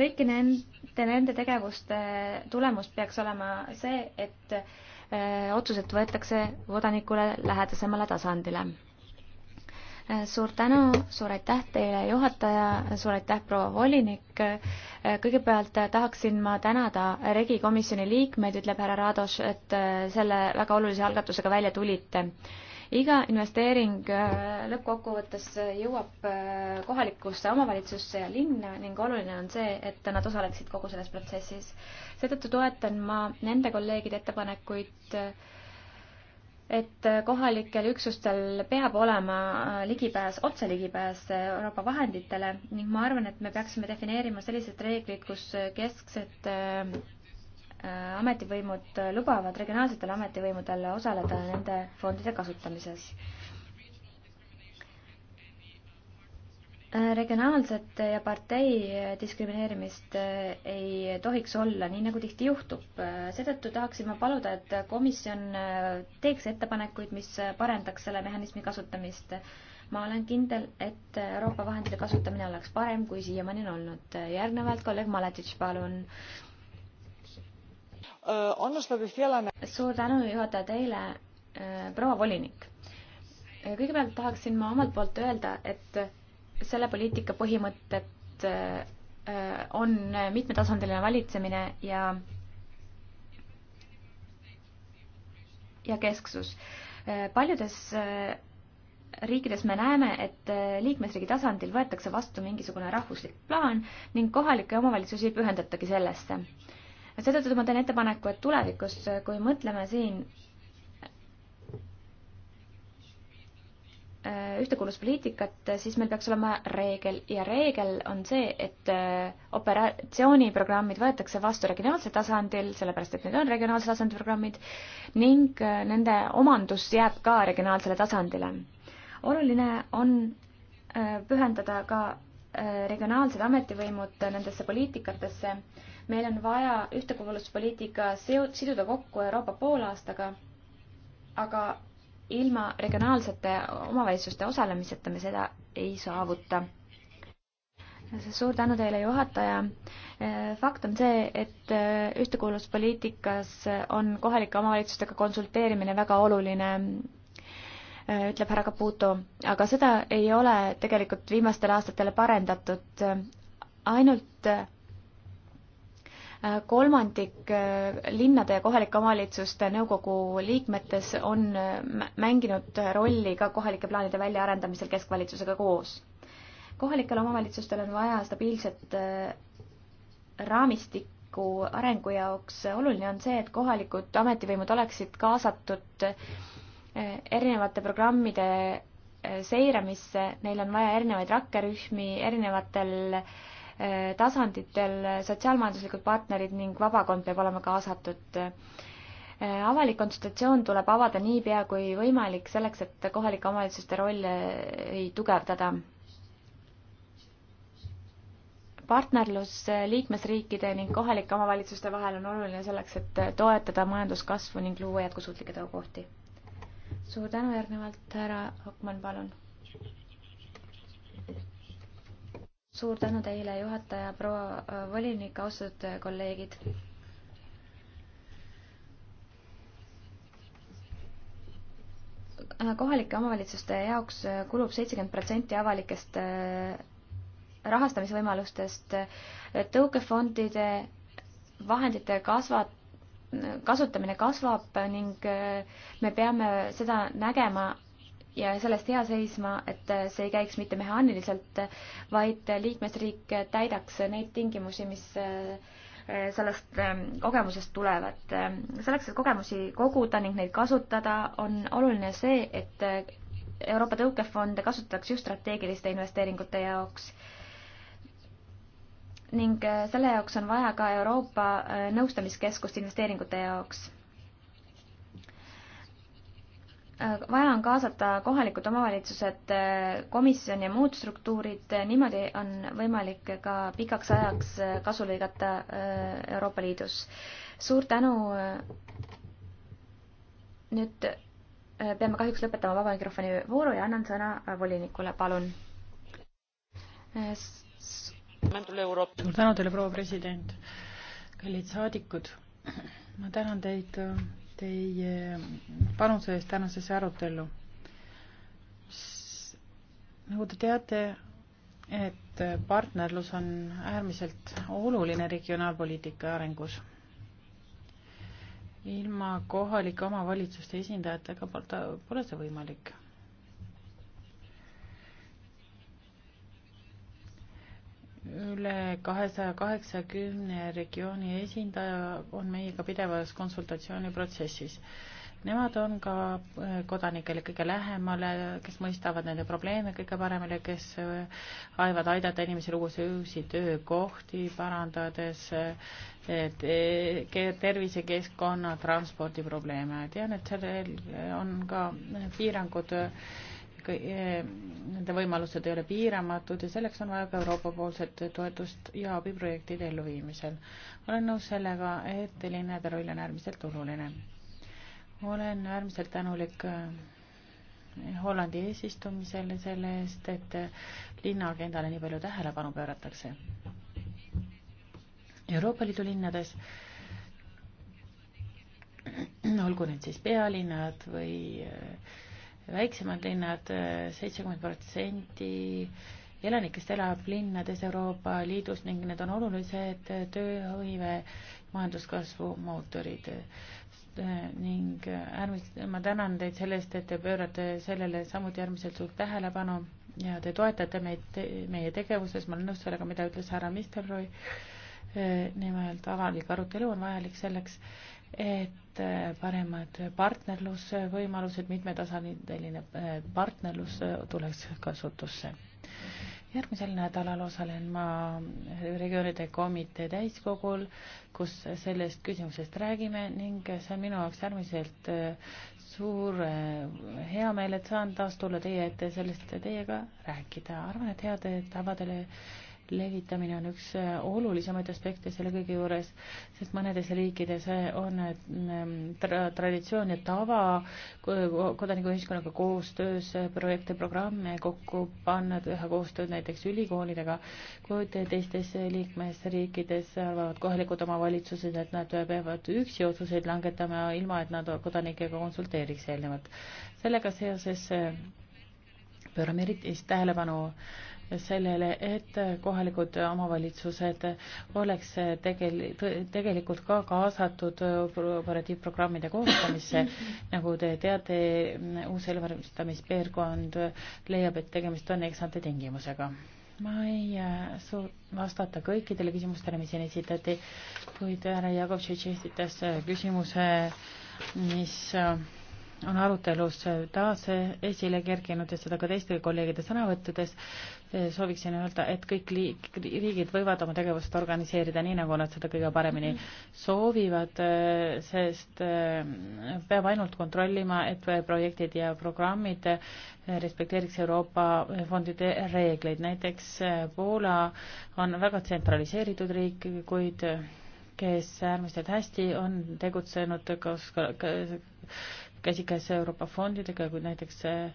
A: kõiki nende, nende tegevuste tulemus peaks olema see, et öö, otsused võetakse kodanikule lähedasemale tasandile Äh, suur tänu, suur aitäh teile, juhataja, suur aitäh, proua volinik. Äh, kõigepealt äh, tahaksin ma tänada Regi komisjoni liikmeid, ütleb härra Rados, et selle väga olulise algatusega välja tulite. iga investeering lõppkokkuvõttes jõuab kohalikusse omavalitsusse ja linna ning oluline on see, et nad osaleksid kogu selles protsessis. seetõttu toetan ma nende kolleegide ettepanekuid et äh, kohalikel üksustel peab olema äh, ligipääs, otseligipääs äh, Euroopa vahenditele ning ma arvan, et me peaksime defineerima sellised reeglid, kus kesksed ametivõimud lubavad regionaalsetel ametivõimudel osaleda nende fondide kasutamises Äh, regionaalset ja partei diskrimineerimist äh, ei tohiks olla, nii nagu tihti juhtub. Äh, seetõttu tahaksin ma paluda, et komisjon teeks ettepanekuid, mis parendaks selle mehhanismi kasutamist. ma olen kindel, et Euroopa vahendite kasutamine oleks parem, kui siiamaani on olnud. järgnevalt kolleeg Maletitš, palun. suur tänu, juhataja, teile, proua volinik. kõigepealt tahaksin ma omalt poolt öelda, et selle poliitika põhimõtted äh, on mitmetasandiline valitsemine ja ja kesksus. Äh, paljudes äh, riikides me näeme, et liikmesriigi tasandil võetakse vastu mingisugune rahvuslik plaan ning kohalikke omavalitsusi ei pühendatagi sellesse. seetõttu ma teen ettepaneku, et tulevikus, kui mõtleme siin Äh, ühtekuuluvuspoliitikat, äh, siis meil peaks olema reegel ja reegel on see, et äh, operatsiooniprogrammid võetakse vastu regionaalsel tasandil, sellepärast et need on regionaalse tasandi programmid, ning nende omandus jääb ka regionaalsele tasandile. oluline on pühendada ka regionaalsed ametivõimud nendesse poliitikatesse. meil on vaja ühtekuuluvuspoliitika siduda kokku Euroopa poolaastaga, aga ilma regionaalsete omavalitsuste osalemiseta me seda ei saavuta. suur tänu teile, juhataja. fakt on see, et ühtekuuluvuspoliitikas on kohalike omavalitsustega konsulteerimine väga oluline ütleb härra Caputo, aga seda ei ole tegelikult viimastel aastatel parendatud. ainult Äh, kolmandik äh, linnade ja kohalike omavalitsuste nõukogu liikmetes on äh, mänginud rolli ka kohalike plaanide väljaarendamisel keskvalitsusega koos. kohalikel omavalitsustel on vaja stabiilset raamistikku arengu jaoks, oluline on see, et kohalikud ametivõimud oleksid kaasatud erinevate programmide seiramisse, neil on vaja erinevaid rakkerühmi erinevatel äh, tasanditel sotsiaalmajanduslikud partnerid ning vabakond peab olema kaasatud. avalik konsultatsioon tuleb avada niipea kui võimalik, selleks et kohalike omavalitsuste rolli tugevdada. partnerlus liikmesriikide ning kohalike omavalitsuste vahel on oluline selleks, et toetada majanduskasvu ning luua jätkusuutlikke töökohti. suur tänu järgnevalt, härra Hokman, palun suur tänu teile, juhataja, proua äh, volinik, austatud äh, kolleegid. Äh, kohalike omavalitsuste jaoks kulub seitsekümmend protsenti avalikest rahastamisvõimalustest tõukefondide vahendite kasvat-, kasutamine kasvab ning me peame seda nägema ja sellest hea seisma, et see ei käiks mitte mehaaniliselt, vaid liikmesriik täidaks neid tingimusi, mis äh, sellest äh, kogemusest tulevad. selleks, et kogemusi koguda ning neid kasutada, on oluline see, et Euroopa tõukefonde kasutatakse just strateegiliste investeeringute jaoks ning äh, selle jaoks on vaja ka Euroopa nõustamiskeskust investeeringute jaoks. Äh, vaja on kaasata kohalikud omavalitsused, äh, komisjon ja muud struktuurid, äh, niimoodi on võimalik ka pikaks ajaks kasu lõigata Euroopa Liidus. suur tänu. nüüd peame kahjuks lõpetama vaba mikrofoni vooru ja annan sõna volinikule, palun.
B: suur tänu teile, proua president, kallid saadikud, ma tänan teid teie eh, panuse eest tänasesse arutellu. nagu te teate, et partnerlus on äärmiselt oluline regionaalpoliitika arengus. ilma kohalike omavalitsuste esindajatega pole see võimalik üle kahesaja kaheksakümne regiooni esindaja on meiega pidevas konsultatsiooniprotsessis. Nemad on ka äh, kodanikele kõige lähemale, kes mõistavad nende probleeme kõige paremini, kes äh, aivad aidata inimesel uusi, uusi töökohti, parandades äh, tervisekeskkonna, transpordiprobleeme. tean, et sellel on ka piirangud Eh, nende võimalused ei ole piiramatud ja selleks on vaja ka Euroopa-poolset toetust ja abi projektide elluviimisel. olen nõus sellega, et linnade roll on äärmiselt oluline. olen äärmiselt tänulik eh, Hollandi eesistumisele selle eest, et linnaagendale nii palju tähelepanu pööratakse. Euroopa Liidu linnades olgu need siis pealinnad või äh, väiksemad linnad, seitsekümmend protsenti elanikest elab linnades Euroopa Liidus ning need on olulised tööhõive majanduskasvu mootorid. ning äärmiselt, ma tänan teid selle eest, et te pöörate sellele samuti äärmiselt suurt tähelepanu ja te toetate meid, meie tegevuses, ma olen nõus sellega, mida ütles härra Misterroi, nimelt avalik arutelu on vajalik selleks, et äh, paremad partnerlusvõimalused, mitmetasandiline äh, partnerlus äh, tuleks kasutusse. järgmisel nädalal osalen ma regioonide komitee täiskogul, kus sellest küsimusest räägime ning see on minu jaoks äärmiselt suur heameel, et saan taas tulla teie ette sellest teiega rääkida. arvan, et heade tavadele levitamine on üks äh, olulisemaid aspekte selle kõige juures, sest mõnedes riikides äh, on ähm, tra traditsioon ja tava kodanikuühiskonnaga koostöös äh, projekte, programme kokku panna, teha koostööd näiteks ülikoolidega, kuid teistes liikmesriikides arvavad kohalikud omavalitsused, et nad peavad üksi otsuseid langetama, ilma et nad kodanikega konsulteeriks eelnevalt. sellega seoses pöörame eriti tähelepanu äh, sellele, et kohalikud omavalitsused oleks tegel-, tegelikult ka kaasatud operatiivprogrammide koostamisse. nagu te teate, uus elumärgistamispiirkond leiab, et tegemist on eksante tingimusega. ma ei äh, suu-, vastata kõikidele küsimustele, mis siin esitati, kuid härra Jakovtšitš esitas äh, küsimuse, mis äh, on arutelus taas esile kerkinud ja seda ka teiste kolleegide sõnavõttudes, sooviksin öelda, et kõik riigid võivad oma tegevust organiseerida nii, nagu nad seda kõige paremini soovivad, sest eh, peab ainult kontrollima, et projektid ja programmid respekteeriks Euroopa fondide reegleid. näiteks eh, Poola on väga tsentraliseeritud riik, kuid eh, kes äärmiselt hästi on tegutsenud koos käsikäes Euroopa fondidega, kuid näiteks eh,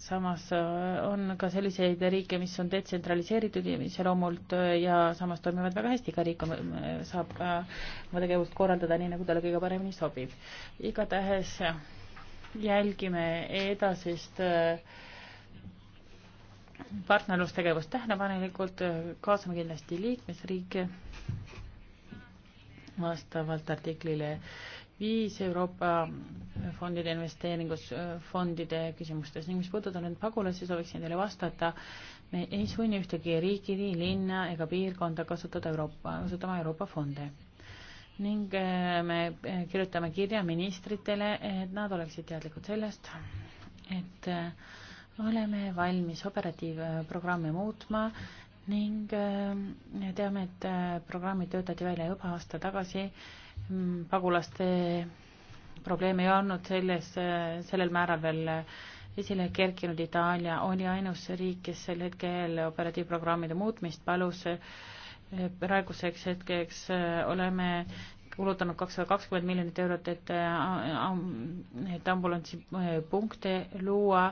B: samas eh, on ka selliseid riike, mis on detsentraliseeritud iseloomult eh, ja samas toimivad väga hästi, iga riik saab oma tegevust korraldada nii, nagu talle kõige paremini sobib. igatahes jälgime edasist partnerlustegevust tähelepanelikult, kaasame kindlasti liikmesriike vastavalt artiklile viis Euroopa fondide investeerimisfondide äh, küsimustes ning mis puudutab nüüd pagulasi, sooviksin teile vastata. me ei sunni ühtegi riiki, linna ega piirkonda kasutada Euroopa, kasutama Euroopa fonde. ning äh, me äh, kirjutame kirja ministritele, et nad oleksid teadlikud sellest, et oleme valmis operatiivprogramme muutma ning äh, teame, et äh, programmid töötati välja juba aasta tagasi. Mm, pagulaste probleem ei olnud selles, äh, sellel määral veel esile kerkinud. Itaalia oli ainus riik, kes sel hetkel operatiivprogrammide muutmist palus. praeguseks hetkeks oleme kulutanud kakssada kakskümmend miljonit eurot, et, äh, et ambulantsipunkte äh, luua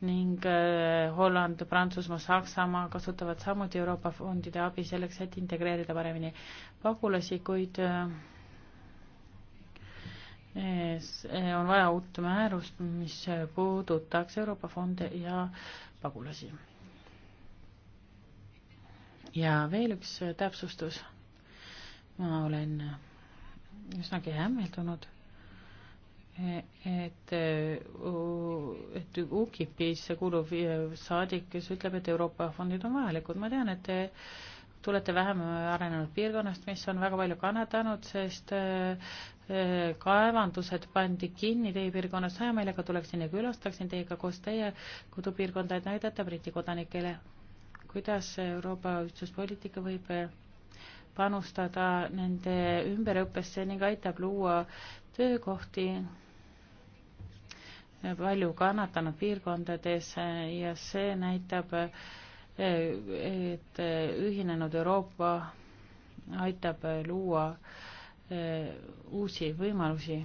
B: ning äh, Holland, Prantsusmaa, Saksamaa kasutavad samuti Euroopa fondide abi selleks, et integreerida paremini pagulasi, kuid on vaja uut määrust, mis puudutaks Euroopa fonde ja pagulasi. ja veel üks täpsustus. ma olen üsnagi hämmeldunud, et, et UKIP-isse kuuluv saadik, kes ütleb, et Euroopa fondid on vajalikud, ma tean, et te tulete vähem arenenud piirkonnast, mis on väga palju kannatanud, sest eh, kaevandused pandi kinni teie piirkonnas, hea meelega tuleksin ja külastaksin teiega koos teie kodupiirkonda, et näidata Briti kodanikele, kuidas Euroopa ühtsuspoliitika võib panustada nende ümberõppesse ning aitab luua töökohti palju kannatanud piirkondades ja see näitab, et ühinenud Euroopa aitab luua eh, uusi võimalusi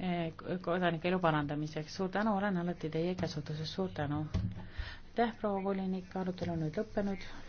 B: eh, kodanike elu parandamiseks. suur tänu, olen alati teie käsutuses, suur tänu. aitäh, proua volinik, arutelu on nüüd lõppenud.